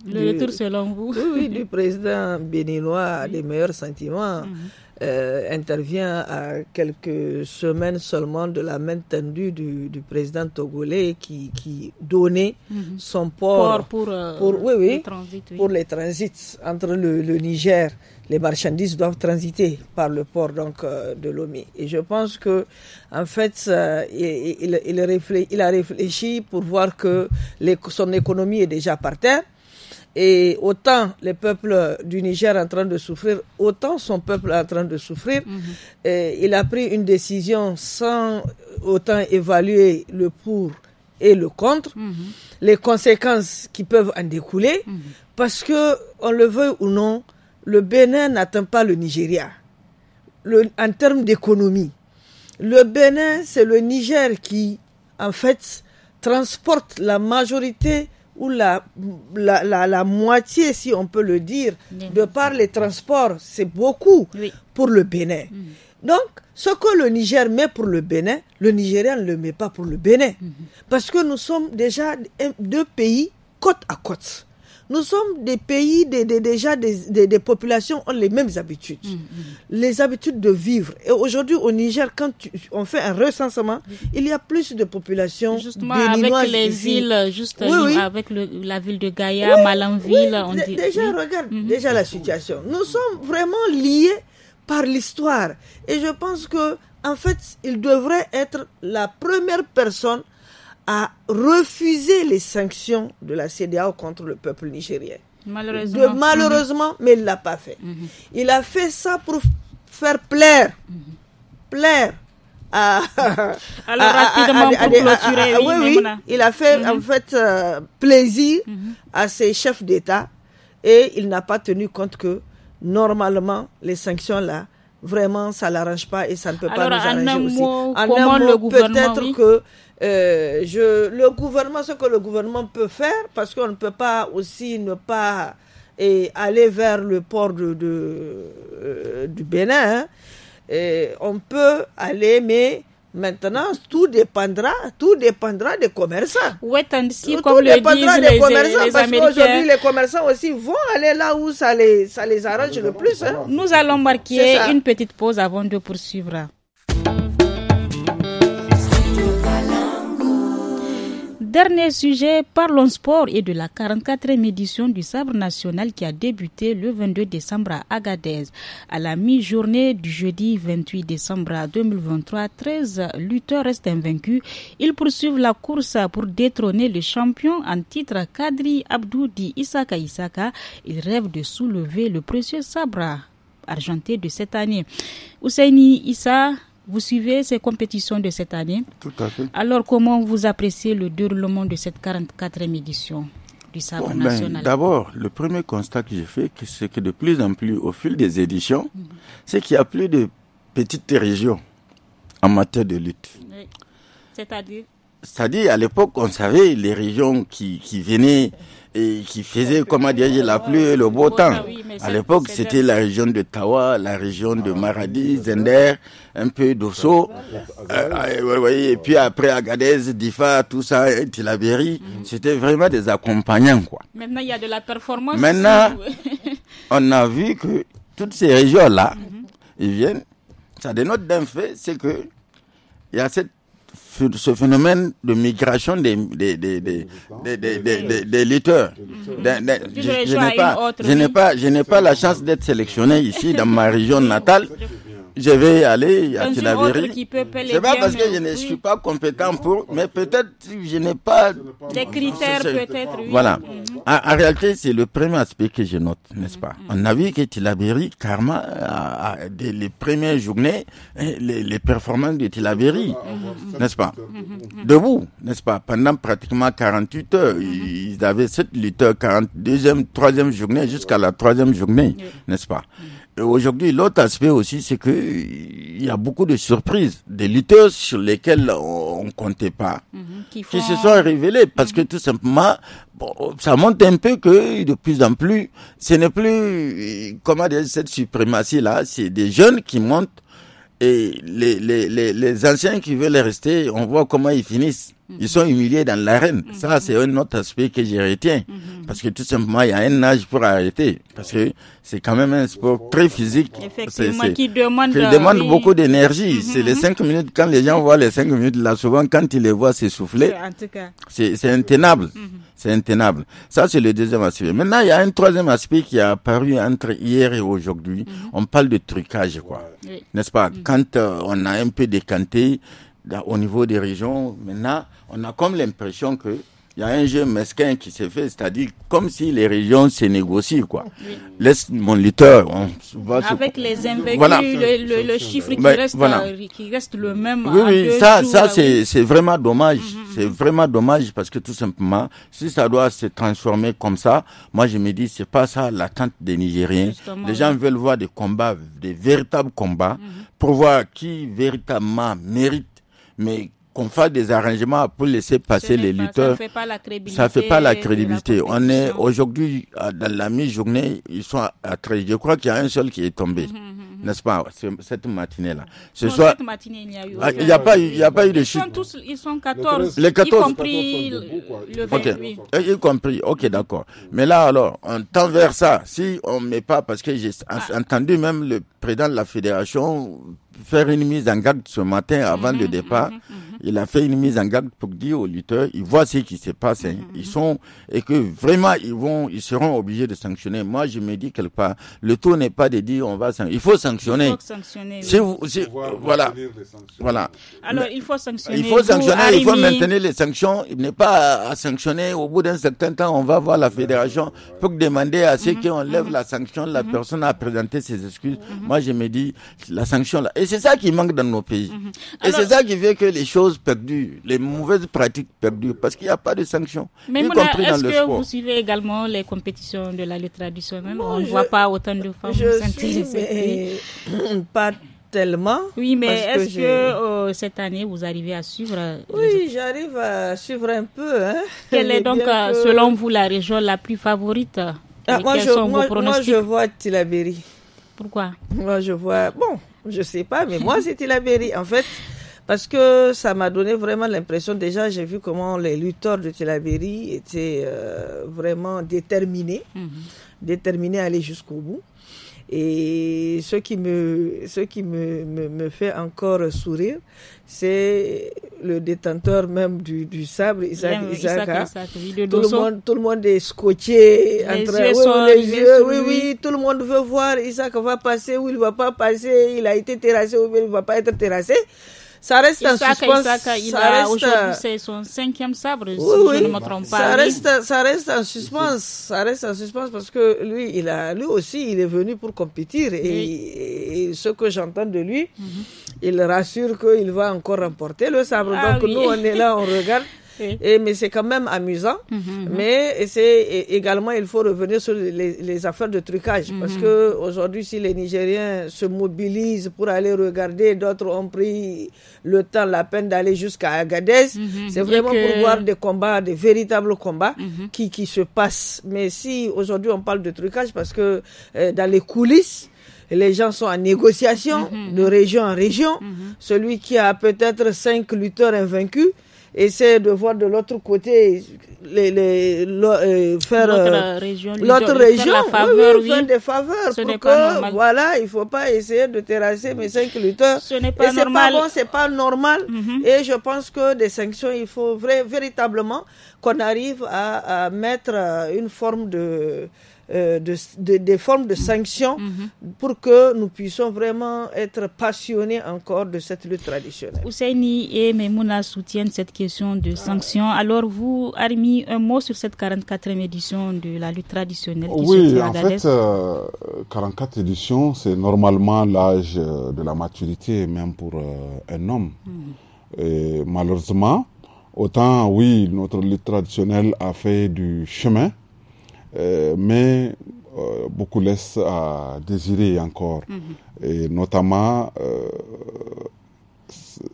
Le du, retour selon vous. du président béninois les meilleurs sentiments. Mhm. Euh, intervient à quelques semaines seulement de la main tendue du, président togolais qui, qui donnait mhm. son port, pour, euh, pour, les transits, entre le, Niger. Les marchandises doivent transiter par le port donc euh, de Lomé. Et je pense que en fait, il, il, il, a réfléchi pour voir que les, son économie est déjà par terre et autant les peuples du Niger en train de souffrir, autant son peuple en train de souffrir. Mhm. il a pris une décision sans autant évaluer le pour et le contre, mhm. les conséquences qui peuvent en découler, mhm. parce que, on le veut ou non, le Bénin n'atteint pas le Nigeria le, en termes d'économie. Le Bénin, c'est le Niger qui, en fait, transporte la majorité ou la, la, moitié, si on peut le dire, de par les transports, c'est beaucoup pour le Bénin. Mm. Donc, ce que le Niger met pour le Bénin, le Nigérien ne le met pas pour le Bénin. Mm-hmm. Parce que nous sommes déjà deux pays côte à côte. Nous sommes des pays, des, déjà des, des, populations ont les mêmes habitudes, mm, mm. les habitudes de vivre. Et aujourd'hui au Niger, quand on fait un recensement, il y a plus de populations. Justement, avec les îles, villes, juste avec la ville de Gaïa, Malanville. On dit, déjà, mm. regarde mm-hmm. déjà la situation. Nous sommes vraiment liés par l'histoire. Et je pense que, en fait, il devrait être la première personne a refusé les sanctions de la CDAO contre le peuple nigérien. Malheureusement. malheureusement, mais il ne l'a pas fait. Mm-hmm. Il a fait ça pour faire plaire, plaire à, Alors, rapidement, oui, il a fait en mm-hmm. fait euh, plaisir mm-hmm. à ses chefs d'État et il n'a pas tenu compte que normalement les sanctions là vraiment, ça l'arrange pas et ça ne peut pas nous arranger aussi. en un mot, peut-être que euh, je, le gouvernement, ce que le gouvernement peut faire, parce qu'on ne peut pas aussi ne pas et aller vers le port de, de euh, du Bénin, hein, et on peut aller, mais Maintenant, tout dépendra, tout dépendra des commerçants. Oui, si, comme le dépendra les, commerçants, parce qu'aujourd'hui, les commerçants aussi vont aller là où ça les, ça les arrange le plus. Hein. Nous allons marquer une petite pause avant de poursuivre. dernier sujet, parlons sport et de la 44e édition du Sabre national qui a débuté le 22 décembre à Agadez. À la mi-journée du jeudi 28 décembre 2023, 13 lutteurs restent invaincus. Ils poursuivent la course pour détrôner le champion en titre Kadri Abdou Di Isaka Isaka. Ils rêvent de soulever le précieux sabre argenté de cette année. Ousseini Issa vous suivez ces compétitions de cette année. Tout à fait. Alors, comment vous appréciez le déroulement de cette 44e édition du sabre ben, national D'abord, le premier constat que j'ai fait, c'est que de plus en plus, au fil des éditions, mm. c'est qu'il n'y a plus de petites régions en matière de lutte. C'est-à-dire C'est-à-dire, à, l'époque, on savait les régions qui, qui venaient qui faisait, comment dire, la pluie et le beau temps. À l'époque, c'était la région de Tawa, la région de Maradi, Zender, un peu d'Osso. Euh, ah, et puis après Agadez, Difa, tout ça, Tilaberi, mhm. c'était vraiment des accompagnants, quoi. Maintenant, il y a de la performance. Maintenant, on a vu que toutes ces régions-là, mhm. ils viennent. Ça dénote d'un fait, c'est que il y a cette ce phénomène de migration des, des, des, lutteurs. je n'ai pas, je n'ai pas la chance d'être sélectionné ici dans ma région natale je vais aller à ne C'est pas parce que je ne suis pas compétent pour, mais peut-être je n'ai pas. Des critères, peut-être. Voilà. Mhm. en, réalité, c'est le premier aspect que je note, n'est-ce pas On a vu que Tilaberi, Karma, dès les premières journées, hein, les, performances de Tilaberi, mhm. n'est-ce pas mhm. Debout, n'est-ce pas Pendant pratiquement 48 heures, ils avaient cette lutteurs, 42e, 3e journée jusqu'à la 3e journée, n'est-ce pas euh, aujourd'hui, l'autre aspect aussi, c'est que il y a beaucoup de surprises, des lutteurs sur lesquels on ne comptait pas, mhm, qui, se sont révélés, parce que mhm. tout simplement, bon, ça montre un peu que de plus en plus, ce n'est plus, comment dire, cette suprématie-là, c'est des jeunes qui montent et les, les, les, les anciens qui veulent rester, on voit comment ils finissent. Ils sont humiliés dans l'arène. Ça, mhm. c'est un autre aspect que je retiens. Mhm. Parce que tout simplement, il y a un âge pour arrêter. Parce que c'est quand même un sport très physique. Effectivement, qui demande, demande beaucoup d'énergie. Mhm, c'est les cinq minutes. Quand les gens voient les cinq minutes, là, souvent, quand ils les voient s'essouffler, c'est intenable. C'est intenable. Ça, c'est le deuxième aspect. Maintenant, il y a un troisième aspect qui a apparu entre hier et aujourd'hui. On parle de trucage, quoi. N'est-ce pas? Quand euh, on a un peu décanté, au niveau des régions, maintenant, on a comme l'impression que il y a un jeu mesquin qui s'est fait, c'est-à-dire comme si les régions se négocient, quoi. Laisse mon lutteur. On Avec les invendus le, le, chiffre qui, reste, qui, reste, le même. Oui, oui, ça, ça c'est vraiment dommage. Mm, mm, mm. C'est vraiment dommage parce que tout simplement, si ça doit se transformer comme ça, moi je me dis, c'est pas ça l'attente des Nigériens. les gens veulent voir des combats, des véritables combats, pour voir qui véritablement mérite mais qu'on fasse des arrangements pour laisser passer les lutteurs, ça ne fait pas la crédibilité. on est aujourd'hui dans la mi-journée, ils sont à, Je crois qu'il y a un seul qui est tombé. Mhm, mhm, mhm. n'est-ce pas, cette matinée-là. Ce soir, cette matinée, il n'y a, eu, ah, il n'y a, pas, il a pas eu de chute. Ils sont tous, 14, les 14 y compris le 20, euh, Y compris, ok, d'accord. Mais là, alors, on tend vers ça. Si on ne met pas, parce que j'ai ah. entendu même le président de la fédération faire une mise en garde ce matin avant le mhm, départ. Mhm, mhm, il a fait une mise en garde pour dire aux lutteurs, ils voient ce qui se passe, hein. ils sont et que vraiment ils vont, ils seront obligés de sanctionner. Moi, je me dis quelque part, le tour n'est pas de dire on va il faut sanctionner. Il faut sanctionner. voilà, voilà. Alors il faut sanctionner. Il faut sanctionner, il faut maintenir les sanctions. Il n'est pas à, sanctionner. Au bout d'un certain temps, on va voir la fédération pour demander à ceux qui enlèvent la sanction. La personne a présenté ses excuses. Moi, je me dis la sanction là c'est ça qui manque dans nos pays. Mhm. Et c'est ça qui fait que les choses perdues, les mauvaises pratiques perdues, parce qu'il n'y a pas de sanctions. Mais est-ce que vous suivez également les compétitions de la lutte traditionnelle On ne voit pas autant de femmes s'intéresser. Pas tellement. Oui, mais est-ce que, oh, cette année, vous arrivez à suivre Oui, j'arrive à suivre un peu. Hein. Quelle est donc, euh, selon vous, la région la plus favorite ah, moi, je, vois Tilaberi. Pourquoi Moi, je vois... Bon, je sais pas, mais moi c'était la En fait, parce que ça m'a donné vraiment l'impression, déjà j'ai vu comment les lutteurs de Tilaberi étaient euh, vraiment déterminés, mhm. déterminés à aller jusqu'au bout. Et ce qui me, ce qui me, me, fait encore sourire, c'est le détenteur même du, du sabre, Isaac, Isaac, hein. tout, le monde, tout le monde est scotché. les yeux, oui, oui, tout le monde veut voir Isaac va passer ou il va pas passer, il a été terrassé ou il va pas être terrassé ça reste un suspense. il a aujourd'hui c'est son cinquième sabre, si je ne me trompe ça Reste, ça reste en suspense, ça reste en suspense parce que lui, il a, lui aussi, il est venu pour compétir et, ce que j'entends de lui, mhm. il rassure qu'il va encore remporter le sabre. Ah Donc nous, on est là, on regarde. et, mais c'est quand même amusant. Mhm, mhm. Mais c'est également, il faut revenir sur les, affaires de trucage. Mhm, parce que aujourd'hui, si les Nigériens se mobilisent pour aller regarder, d'autres ont pris le temps, la peine d'aller jusqu'à Agadez. C'est vraiment pour voir des combats, des véritables combats qui, qui se passent. Mais si aujourd'hui on parle de trucage, parce que euh, dans les coulisses, les gens sont en négociation de région en région. Celui qui a peut-être cinq lutteurs invaincus, essayer de voir de l'autre côté, les, euh, faire euh, l'autre région, région faveur, des faveurs. Ce voilà, il ne faut pas essayer de terrasser mes cinq lutteurs. Ce n'est pas normal. c'est pas normal. Mhm. Et je pense que des sanctions, il faut vrai, véritablement qu'on arrive à mettre euh, une forme de euh, de, des formes de sanctions mhm. pour que nous puissions vraiment être passionnés encore de cette lutte traditionnelle. Ousseini et Memouna soutiennent cette question de ah sanctions. Alors vous, Armi, un mot sur cette 44e édition de la lutte traditionnelle qui Oui, en fait, euh, 44 éditions, c'est normalement l'âge euh, de la maturité, même pour euh, un homme. Hmm. Et malheureusement, autant oui, notre lutte traditionnelle a fait du chemin, euh, mais euh, beaucoup laissent à désirer encore, mhm. et notamment euh,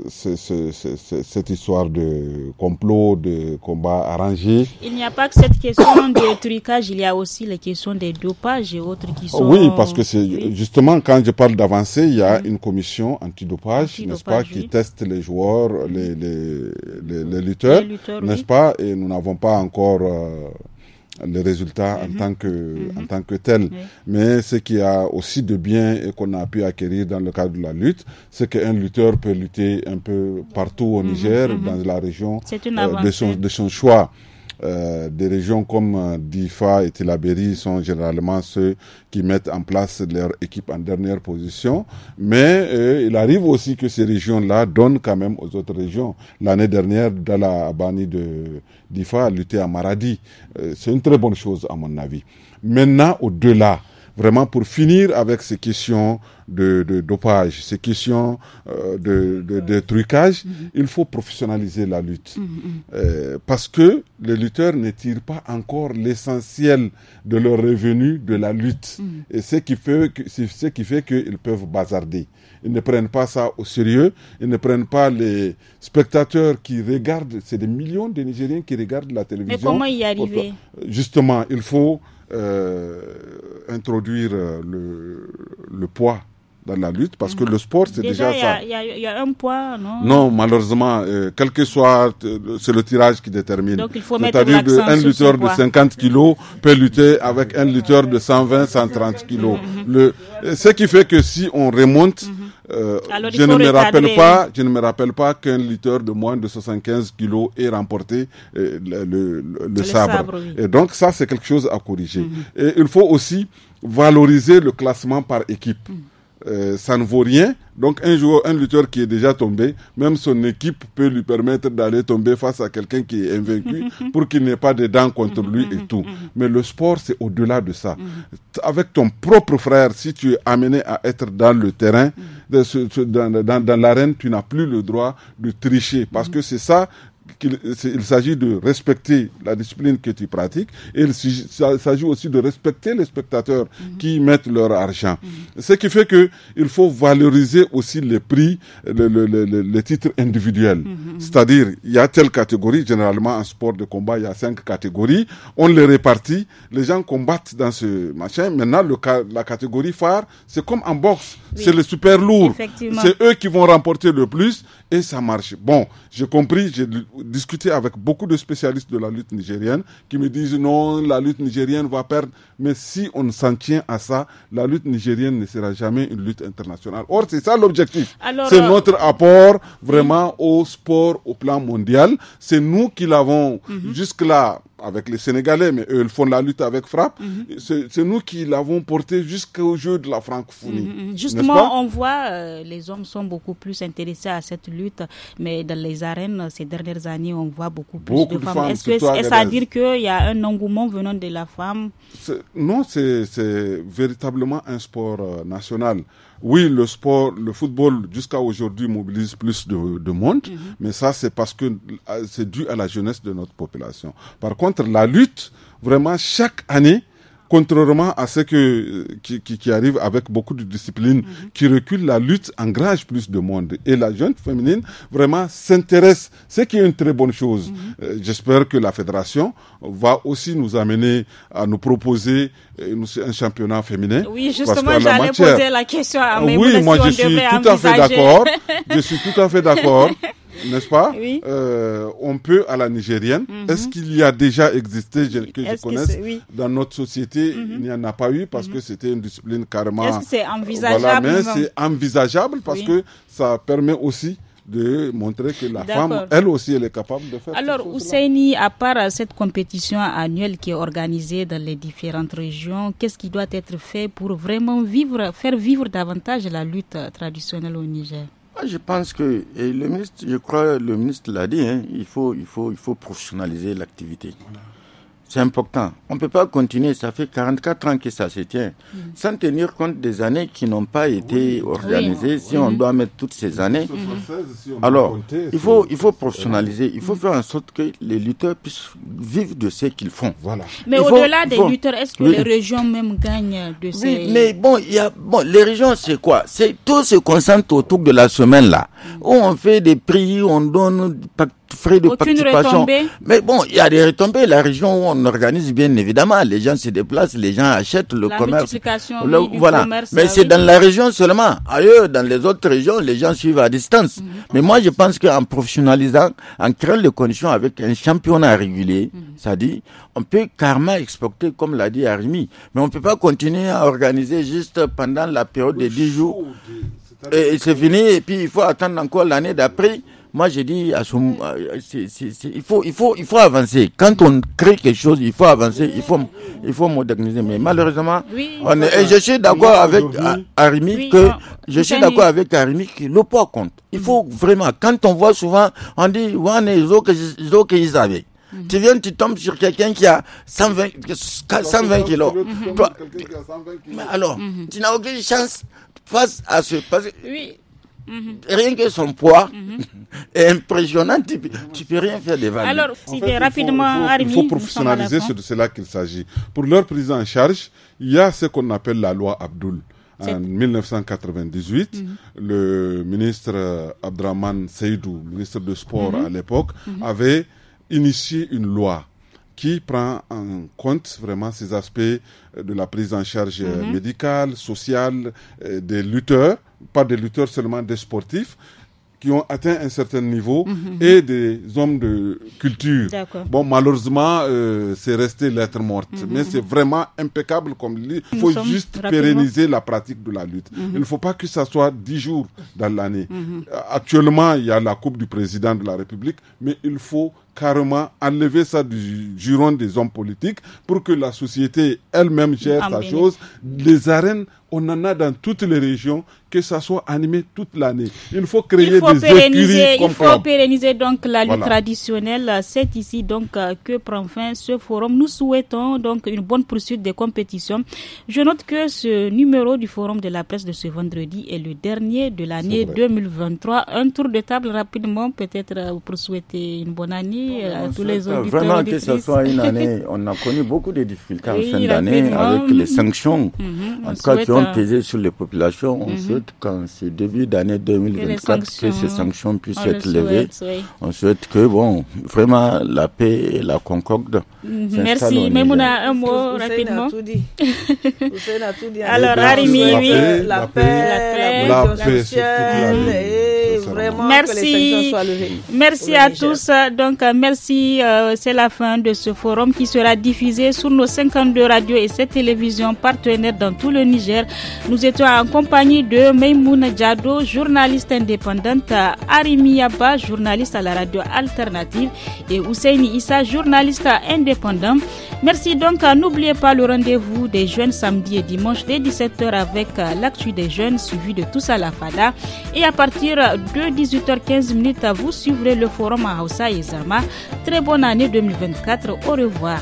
cette histoire de complot, de combat arrangé. Il n'y a pas que cette question de trucage, il y a aussi la question des dopages et autres qui sont. Oui, parce que c'est justement quand je parle d'avancée, il y a mhm. une commission antidopage, n'est-ce pas, qui teste les joueurs, mhm. les, lutteurs, n'est-ce pas, et nous n'avons pas encore les résultat en, mhm. tant que, mhm. en tant que tel. Mais ce qui a aussi de bien et qu'on a pu acquérir dans le cadre de la lutte, c'est qu'un lutteur peut lutter un peu partout au mhm. Niger, dans la région euh, de, son, de son choix. Euh, des régions comme euh, Difa et Tilaberi sont généralement ceux qui mettent en place leur équipe en dernière position. Mais euh, il arrive aussi que ces régions-là donnent quand même aux autres régions. L'année dernière, Dala Abani de Difa a lutté à Maradi. C'est une très bonne chose à mon avis. Maintenant, au-delà, vraiment pour finir avec ces questions de, dopage, ces questions euh, de, de, trucage, mm-hmm. il faut professionnaliser la lutte. Mm-hmm. Euh, parce que les lutteurs ne tirent pas encore l'essentiel de leurs revenus de la lutte. Mm-hmm. Et c'est qui ce qui fait qu'ils peuvent bazarder. Ils ne prennent pas ça au sérieux. Ils ne prennent pas les spectateurs qui regardent. C'est des millions de Nigériens qui regardent la télévision. Mais comment y arriver Justement, il faut euh, introduire euh, le, le poids dans la lutte parce que le sport, c'est déjà, ça. Il y, a un poids, non Non, malheureusement, euh, quel que soit, euh, c'est le tirage qui détermine. Donc il faut mettre Un lutteur de 50 kilos peut lutter avec un lutteur de 120, 130 kilos. Mm-hmm. le, ce qui fait que si on remonte, mm-hmm. euh, je, ne me rappelle pas, je ne me rappelle pas qu'un lutteur de moins de 75 kilos ait remporté le, sabre. Et donc ça, c'est quelque chose à corriger. Mm-hmm. Et il faut aussi valoriser le classement par équipe. Euh, ça ne vaut rien. Donc un joueur, un lutteur qui est déjà tombé, même son équipe peut lui permettre d'aller tomber face à quelqu'un qui est invaincu pour qu'il n'ait pas de dents contre mhm, lui mhm, et tout. Mhm, Mais le sport, c'est au-delà de ça. Avec ton propre frère, si tu es amené à être dans le terrain, dans l'arène, tu n'as plus le droit de tricher parce que c'est ça qu'il il, s'agit de respecter la discipline que tu pratiques et il s'agit aussi de respecter les spectateurs mhm. qui mettent leur argent. Mhm. Ce qui fait que il faut valoriser aussi les prix, le, les titres individuels. Mhm. C'est-à-dire, il y a telle catégorie, généralement en sport de combat, il y a cinq catégories, on les répartit, les gens combattent dans ce machin. Maintenant, la catégorie phare, c'est comme en boxe, c'est les super lourds, C'est eux qui vont remporter le plus et ça marche. Bon, j'ai compris, j'ai discuté avec beaucoup de spécialistes de la lutte nigérienne qui me disent non, la lutte nigérienne va perdre. Mais si on s'en tient à ça, la lutte nigérienne ne sera jamais une lutte internationale. Or, c'est ça l'objectif. C'est euh, notre apport vraiment au sport au plan mondial. C'est nous qui l'avons mhm. jusque-là avec les Sénégalais, mais eux, ils font la lutte avec frappe. Mhm. C'est nous qui l'avons porté jusqu'au jeu de la francophonie. Mhm, mhm. Justement, on voit euh, les hommes sont beaucoup plus intéressés à cette lutte, mais dans les arènes, ces dernières années, on voit beaucoup plus de, femmes. Est-ce à dire qu'il y a un engouement venant de la femme Non, c'est véritablement un sport euh, national oui, le sport, le football jusqu'à aujourd'hui mobilise plus de, monde, mhm. mais ça c'est parce que euh, c'est dû à la jeunesse de notre population. Par contre, la lutte, vraiment chaque année, contrairement à ce que, euh, qui, qui, qui arrive avec beaucoup de disciplines mhm. qui reculent, la lutte engage plus de monde. Et la jeune féminine vraiment s'intéresse, ce qui est une très bonne chose. Mhm. Euh, j'espère que la fédération va aussi nous amener à nous proposer euh, un championnat féminin. Oui, justement, j'allais poser la question à mes Oui, moi je suis, je suis tout à fait d'accord. Je suis tout à fait d'accord. n'est-ce pas euh, On peut à la nigérienne. Mhm. Est-ce qu'il y a déjà existé, que je connaisse, dans notre société Il mhm. n'y en a pas eu parce que mhm. c'était une discipline carrément. Est-ce que c'est euh, envisageable voilà, mais c'est envisageable parce que ça permet aussi de montrer que la femme, elle aussi, elle est capable de faire. Alors, Ousseini, à part cette compétition annuelle qui est organisée dans les différentes régions, qu'est-ce qui doit être fait pour vraiment vivre, faire vivre davantage la lutte traditionnelle au Niger ah, je pense que et le ministre, je crois, le ministre l'a dit, hein, il faut, il faut, il faut professionnaliser l'activité. C'est important. On ne peut pas continuer. Ça fait 44 ans que ça se tient. Mm. Sans tenir compte des années qui n'ont pas été organisées, si on mm-hmm. doit mettre toutes ces années. Alors, il faut, il faut professionnaliser. Il faut mm. faire en sorte que les lutteurs puissent vivre de ce qu'ils font. Voilà. Mais au-delà des lutteurs, est-ce que les régions même gagnent de ces... mais bon, y a, bon les régions, c'est quoi C'est Tout se concentre autour de la semaine-là. Mm. Où on fait des prix, on donne frais de participation. Mais bon, il y a des retombées. La région où on organise, bien évidemment, les gens se déplacent, les gens achètent le commerce. voilà. Mais ah c'est dans la région seulement. Ailleurs, dans les autres régions, les gens suivent à distance. Mhm. Mais moi, je pense qu'en professionnalisant, en créant les conditions avec un championnat régulier, ça mhm. dit, on peut carrément exporter, comme l'a dit Arimi. Mais on ne peut pas continuer à organiser juste pendant la période de 10 jours. Et c'est fini, et puis il faut attendre encore l'année d'après. Moi, j'ai dit à euh, il faut, il faut, il faut avancer. Quand on crée quelque chose, il faut avancer, il faut, il faut moderniser. Mais malheureusement, on je suis d'accord avec euh, Arimi que, je suis d'accord avec Arimi que le poids compte. Il faut mm-hmm. vraiment, quand on voit souvent, on dit, on est que ils avaient. Mm-hmm. Tu viens, tu tombes sur quelqu'un qui a 120, 120 kilos. alors, mm-hmm. tu n'as aucune chance face à ce. Parce, oui. Mhm. Rien que son poids mhm. est impressionnant. Tu, peux rien faire des Alors, si rapidement, il faut, il faut professionnaliser, c'est de cela qu'il s'agit. Pour leur prise en charge, il y a ce qu'on appelle la loi Abdul En 1998, mhm. le ministre Abdraman Seydou, ministre de Sport à l'époque, avait initié une loi qui prend en compte vraiment ces aspects de la prise en charge euh, médicale, sociale euh, des lutteurs pas des lutteurs seulement, des sportifs qui ont atteint un certain niveau mhm, mhm. et des hommes de culture. Bon, malheureusement, euh, c'est resté lettre morte, mhm, mais c'est vraiment impeccable comme Il faut juste pérenniser la pratique de la lutte. Il ne faut pas que ça soit dix jours dans l'année. Actuellement, il y a la Coupe du Président de la République, mais il faut carrément enlever ça du juron des hommes politiques pour que la société elle-même gère sa chose. Les arènes, on en a dans toutes les régions, que ça soit animé toute l'année. Il faut créer des pérenniser, Il faut pérenniser donc la lutte traditionnelle. C'est ici donc euh, que prend fin ce forum. Nous souhaitons donc une bonne poursuite des compétitions. Je note que ce numéro du forum de la presse de ce vendredi est le dernier de l'année 2023. Un tour de table rapidement peut-être euh, pour souhaiter une bonne année à tous les Vraiment que ce soit une année, on a connu beaucoup de difficultés en fin d'année avec les sanctions, en tout cas qui ont pesé sur les populations. On souhaite qu'en ce début d'année 2024, que ces sanctions puissent être levées. On souhaite que, bon, vraiment la paix et la concorde. Merci. mais a un mot rapidement. Alors, La paix, la paix, la paix, vraiment merci. que les sanctions Merci à tous. Donc, euh, merci. Euh, c'est la fin de ce forum qui sera diffusé sur nos 52 radios et 7 télévisions partenaires dans tout le Niger. Nous étions en compagnie de Maimouna Diado, journaliste indépendante, Arimi Yaba, journaliste à la radio alternative, et Ousseini Issa, journaliste indépendant. Merci donc. N'oubliez pas le rendez-vous des jeunes samedi et dimanche dès 17h avec euh, l'actu des jeunes suivi de tous à la FADA. Et à partir 18h15 à vous suivrez le forum à Hausa et Très bonne année 2024. Au revoir.